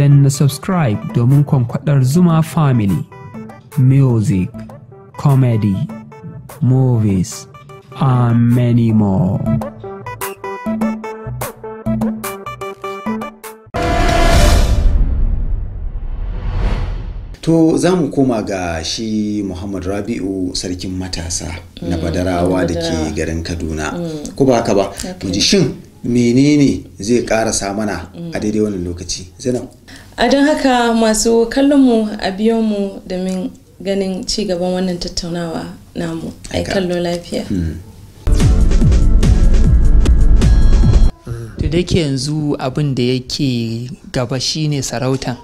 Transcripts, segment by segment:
dan na subscribe domin kwankwadar Zuma Family, music, comedy, movies, and many more. To za mu koma ga shi Muhammad Rabi'u sarkin matasa na mm, badarawa da ke garin Kaduna. Mm. Ko ba haka ba, mu ji shin menene zai karasa mana a daidai wannan lokaci zainab a don haka masu kallonmu a biyo mu domin ganin ci gaban wannan tattaunawa namu yi kallo lafiya hmm. da ke yanzu abin da yake gaba shine sarautan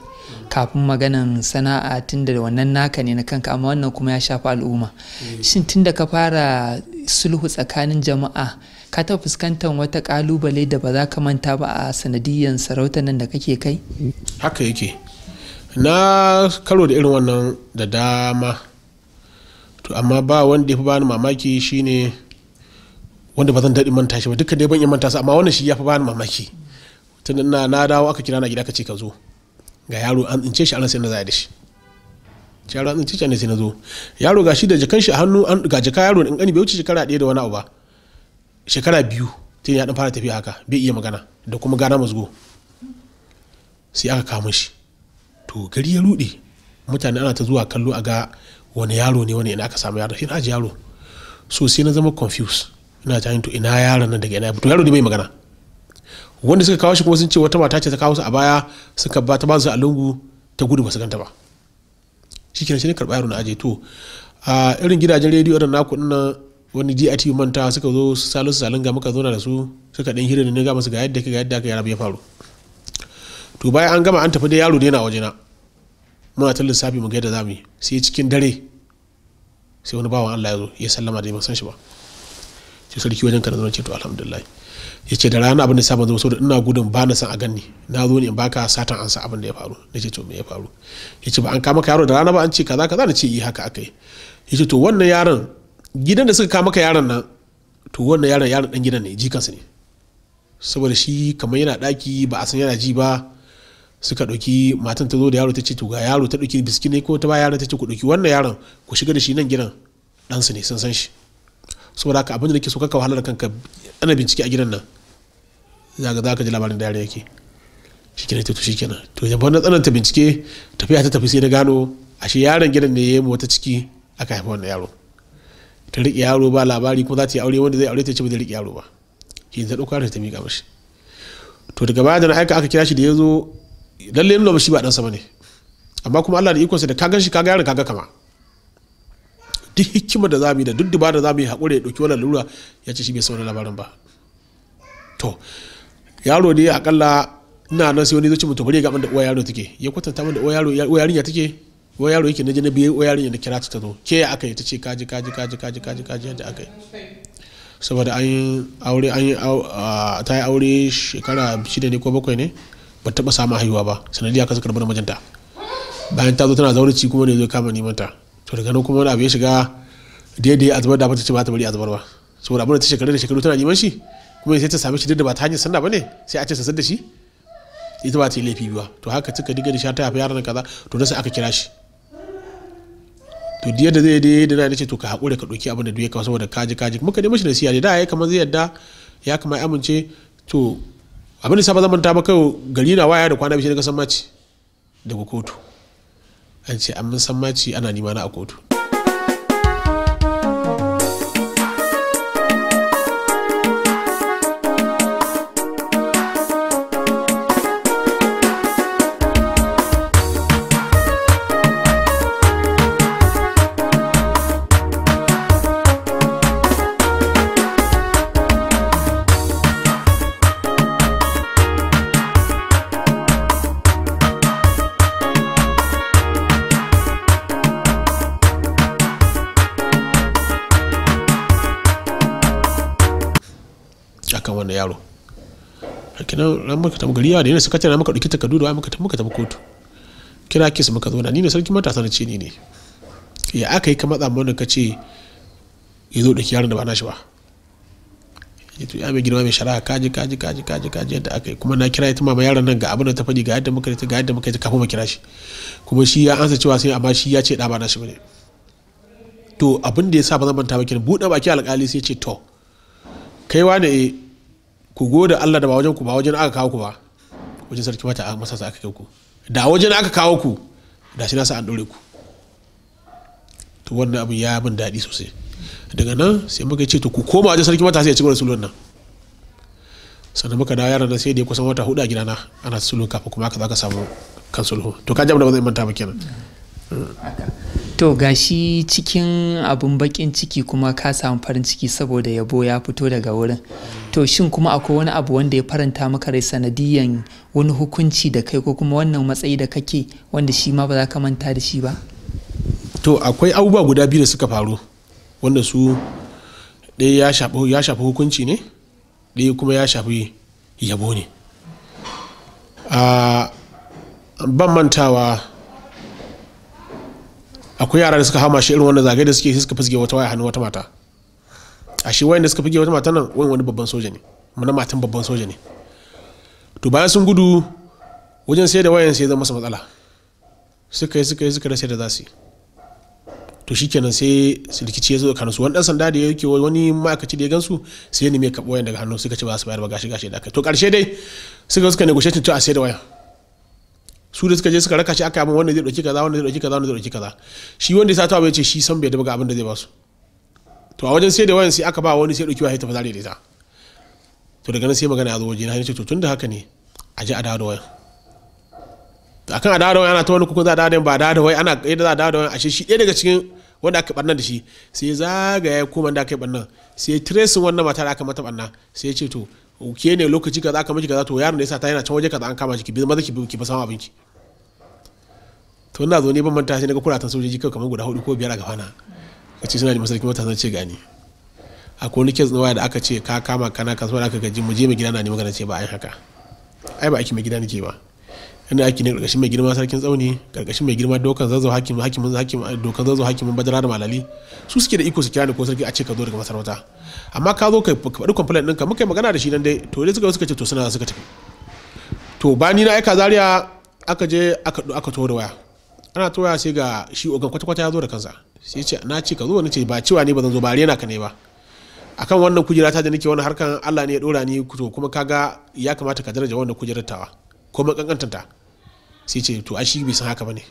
kafin maganan sana'a tunda da wannan naka ne na kanka amma wannan kuma ya shafi al'umma hmm. shin tunda ka fara sulhu tsakanin jama'a ka taɓa fuskantar wata kalubale da ba za ka manta ba a sanadiyyar sarauta nan da kake kai haka yake na karo da irin wannan da dama to amma ba wanda ya fi bani mamaki shine wanda ba zan daɗi manta shi ba dukkan dai ban yi manta su amma wannan shi ya fi bani mamaki tun na dawo aka kira na gida ka ce ka zo ga yaro an tsince shi an sai na za da shi ya ɗin cica ne sai na zo yaro ga shi da jikan shi a hannu ga jaka yaro in kani bai wuce shekara ɗaya da wani abu ba shekara biyu ta ya dan fara tafiya haka bai iya magana da kuma gana musgo sai aka kama shi to gari ya rude mutane ana ta zuwa kallo a ga wani yaro ne wani ina aka samu yaro sai na ji yaro so sai na zama confuse ina ta to ina yaron nan daga ina to yaro ne bai magana wanda suka kawo shi kuma sun ce wata mata ce ta kawo su a baya suka ba ta ba su a lungu ta gudu ba su ganta ba kenan shi ne karɓa yaro na aje to a irin gidajen rediyo da naku dinnan wani DITV manta suka zo su salo su salin ga muka zauna da su suka ɗan hira da ne ga musu ga yadda ga yadda ka yara ya faru to bayan an gama an tafi da yaro da yana na muna ta lissafi mu ga yadda za mu yi sai cikin dare sai wani bawan Allah ya zo ya sallama da ya san shi ba ce sarki wajen ka na zama to alhamdulillah ya ce da rana abin da samu zama saboda ina gudun ba na san a ganni na zo ne in baka satan ansa abin da ya faru na ce to me ya faru ya ce ba an kama ka yaro da rana ba an ce kaza kaza na ce eh, yi haka akai yi ya ce to wannan yaron gidan da suka kama ka yaron nan to wannan yaron yaron dan gidan ne jikansa ne saboda shi kamar yana daki ba a san yana ji ba suka dauki matan ta zo da yaro ta ce to ga yaro ta dauki biski ne ko ta ba yaro ta ce ku dauki wannan yaron ku shiga da shi nan gidan dansa ne sun san shi saboda haka abin da nake so ka wahalar kanka ana bincike a gidan nan za ka ji labarin da yake kenan to kenan to idan ban tsananta bincike tafiya ta tafi sai na gano ashe yaron gidan ne yayi wata ciki aka haifa wannan yaro ta riƙe yaro ba labari kuma za ta yi aure wanda zai aure ta ce ba zai riƙe yaro ba shi ta ɗauka ta miƙa mashi to daga baya da na aika aka kira shi da ya zo lalle nuna shi ba ɗansa ba ne amma kuma Allah da ikonsa da ka gan shi ka ga yaron ka ga kama duk hikima da za yi da duk duba da za yi haƙuri ya ɗauki wannan lura ya ce shi bai saurari labarin ba to yaro ne akalla ina nan sai wani zuci mutum ga gaban da uwa yaro take ya kwatanta min da uwa yaro uwa yarinya take uwa yaro yake naje na biye uwa yarinya da kira ta zo ke ya aka yi ta ce kaji kaji kaji kaji kaji kaji yadda aka yi saboda an yi aure an yi ta yi aure shekara shida ne ko bakwai ne ba taɓa samun haihuwa ba sanadiyya ka suka rabu da bayan ta zo tana zaurici kuma ne zai kama neman ta to daga nan kuma wani abu ya shiga daidai a zubar da mata ce ba ta bari a zubar ba saboda abin da ta shekaru da shekaru tana yi mashi kuma sai ta same shi duk da ba ta hanyar sanda ba ne sai a ce sassan da shi ita ba ta yi laifi ba to haka cika diga da shata fi yaran kaza to sai aka kira shi to diyar da zai da yadda na ce to ka haƙura ka ɗauki abin da kawo saboda kaji kaji ka dai mashi nasiya ne da ya kamar zai yadda ya kamar amince to abin da sa ba zamanta ba kawai gari na waya da kwana bishiyar kasan mace daga kotu an ce an mun san maci ana nima na a kotu yaro kinan ran maka tafi gari da yana suka tana maka ɗauki takardu da muka tafi muka tamu kotu kira kisa maka zo na ni ne sarki matasa na ce ni ne ya aka yi ka matsa mana ka ce ya zo ɗauki yaron da ba na shi ba ya tuya mai girma mai shari'a kaji kaji kaji kaji kaji yadda aka yi kuma na kira ita mama yaron nan ga abin da ta faɗi ga yadda muka yi ga yadda muka yi kafin mu kira shi kuma shi ya ansa cewa sai amma shi ya ce ɗa ba ba ne to abin da ya sa ba zan manta ba kenan buɗe baki alƙali sai ce to kai wane eh, ku goda Allah da ba wajen ku ba wajen aka kawo ku ba wajen sarki wata a masa aka kai ku da wajen aka kawo ku da shi na sa an dore ku to wannan abu ya min daɗi sosai daga nan sai muka ce to ku koma wajen sarki wata sai ya ci gwada sulon nan sannan muka dawo yaran nan sai da kusan wata hudu a gidana ana sulhu kafa kuma aka ka samu kan sulhu to ka ji da ba zai manta ba kenan to gashi cikin abin bakin ciki kuma ka samu farin ciki saboda yabo ya fito daga wurin to shin kuma akwai wani abu wanda ya faranta maka rai sanadiyan wani hukunci da kai ko kuma wannan matsayi da kake wanda shi ma ba za ka manta da shi ba to akwai abubuwa guda biyu da suka faru wanda su ɗaya ya shafi hukunci ne ɗaya kuma ya shafi yabo ne ah, ban mantawa akwai yara da suka hama shi irin wanda zagaye da suke suka fizge wata waya hannu wata mata a shi wayan da suka fige wata mata nan wani wani babban soja ne mana matan babban soja ne to bayan sun gudu wajen sai da wayan sai zama masa matsala suka yi suka yi suka rasa da za su yi to shikenan sai rikici ya zo kan su wani dan sanda da yake wani ma'aikaci da ya gansu sai ya nemi ya wayan daga hannu suka ce ba su bayar ba gashi gashi da aka to karshe dai suka suka negotiation to a sai da wayan su da suka je suka raka shi aka yi wanda zai dauki kaza wanda zai dauki kaza wanda zai dauki kaza shi wanda ya sata bai ce shi san bai da ga abin da zai ba su to a wajen sai da wayan sai aka ba wani sai dauki wa haita fazare da ita to daga nan sai magana ya zo waje na ce to tun da haka ne a ji a dawo da wayan akan a dawo da wayan ana ta wani kuka za a dawo da ba a dawo da wayan ana yadda za a dawo da wayan a shi ɗaya daga cikin wanda aka barnar da shi sai zagaya kuma da aka yi barnar sai tresin wannan mata da aka mata barna sai ya ce to ke ne lokaci kaza aka miki kaza to yaron da yasa ta yana can waje kaza an kama shi ki bi maza ki bi ki abin abinci to ina zo ne ban manta sai naga kuratan sojoji kai kamar guda hudu ko biyar a gafana a kace suna da masarki mata zan ce gani akwai wani kes waya da aka ce ka kama kana kasuwa da aka gaji mu je mai gida na ne magana ce ba ai haka ai ba aiki mai gida nake ba yana aiki ne karkashin mai girma sarkin tsauni karkashin mai girma dokan zazzau hakimin hakimin hakimin dokan zazzau hakimin bajara da malali su suke da iko su kira ni ko sarki a ce ka zo daga masarauta amma ka zo ka faɗi complaint ɗinka muka yi magana da shi nan dai to dai suka suka ce to suna suka tafi to ba ni na aika zaria aka je aka aka da waya ana tora sai ga shi ogan kwata kwata ya zo da kansa sai ce na ce ka zo ni ce ba cewa ne ba zan zo ba rena ka ne ba akan wannan kujera ta da nake wani harkan Allah ne ya dora ni to kuma kaga ya kamata ka daraja wannan kujerar tawa ko ba kankantanta sai ce to ashi bai san haka bane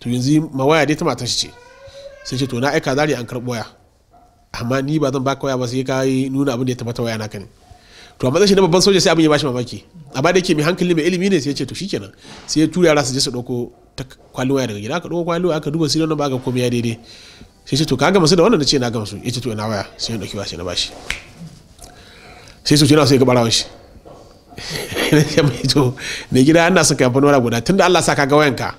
to yanzu mawaya dai ta mata shi ce sai ce to na aika zari an karɓo waya amma ni ba zan baka waya ba sai ka yi nuna abin da ya tabbata waya naka ne to a matsayin shi na babban soja sai abin ya bashi mamaki amma da yake mai hankali mai ilimi ne sai ce to shikenan sai ya tura yara su je su dauko ta kwalin waya daga gida aka dauko kwalin waya aka duba sirrin ba ga komai ya daidai sai ce to ka gama su da wannan ce na gama su ya ce to ina waya sai ya dauki waya sai na bashi sai su ce na sai ya ga barawon shi ya mai to mai gida ana son kamfani wani guda tunda Allah sa ka ga wayanka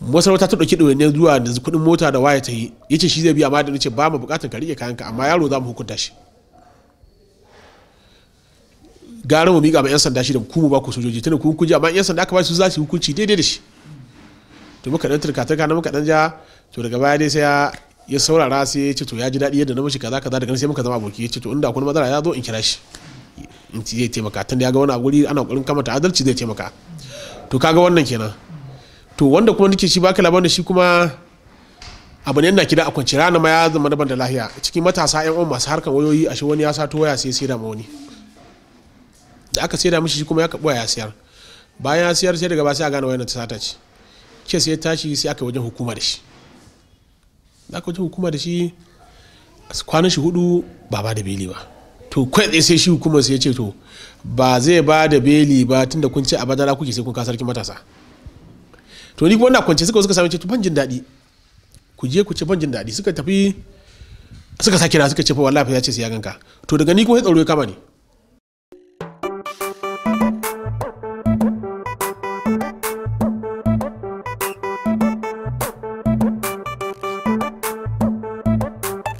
masarauta ta ɗauki ɗawainiyar zuwa da kudin mota da waya ta yi yace shi zai biya amma da ce ba mu bukatun ka riƙe kayanka amma yaro za mu hukunta shi gara mu miƙa ma 'yan sanda shi da ku mu ba ku sojoji tunda kun kuje amma 'yan sanda aka ba su za su hukunci daidai da shi to muka dan turka turka na muka dan ja to daga baya dai sai ya ya saurara sai ya ce to ya ji daɗi yadda na mashi kaza kaza daga nan sai muka zama aboki ya ce to inda akwai matsala ya zo in kira shi in zai taimaka da ya ga wani a guri ana ƙoƙarin kamata adalci zai taimaka to kaga wannan kenan to wanda kuma nake shi baka labarin shi kuma abu ne na kida a kwanci rana ma ya zama daban da lahiya cikin matasa yan uwan masu harkar wayoyi ashe wani ya sato waya sai sai da ma wani da aka sai da mishi shi kuma ya kaɓo ya siyar bayan ya siyar sai daga ba sai a gane wayan ta sata ce ke sai tashi sai aka wajen hukuma da shi da aka wajen hukuma da shi kwanan shi hudu ba ba da beli ba to kwaitse sai shi hukumar sai ya ce to ba zai ba da beli ba tunda kun ce a bazara kuke sai kun ka sarkin matasa to ni kuma na kwance suka suka sami ce to ban jin daɗi ku je ku ce ban jin daɗi suka tafi suka sa kira suka ce fa wallahi ya ce sai ya ganka to daga ni kuma sai tsaro ya kama ni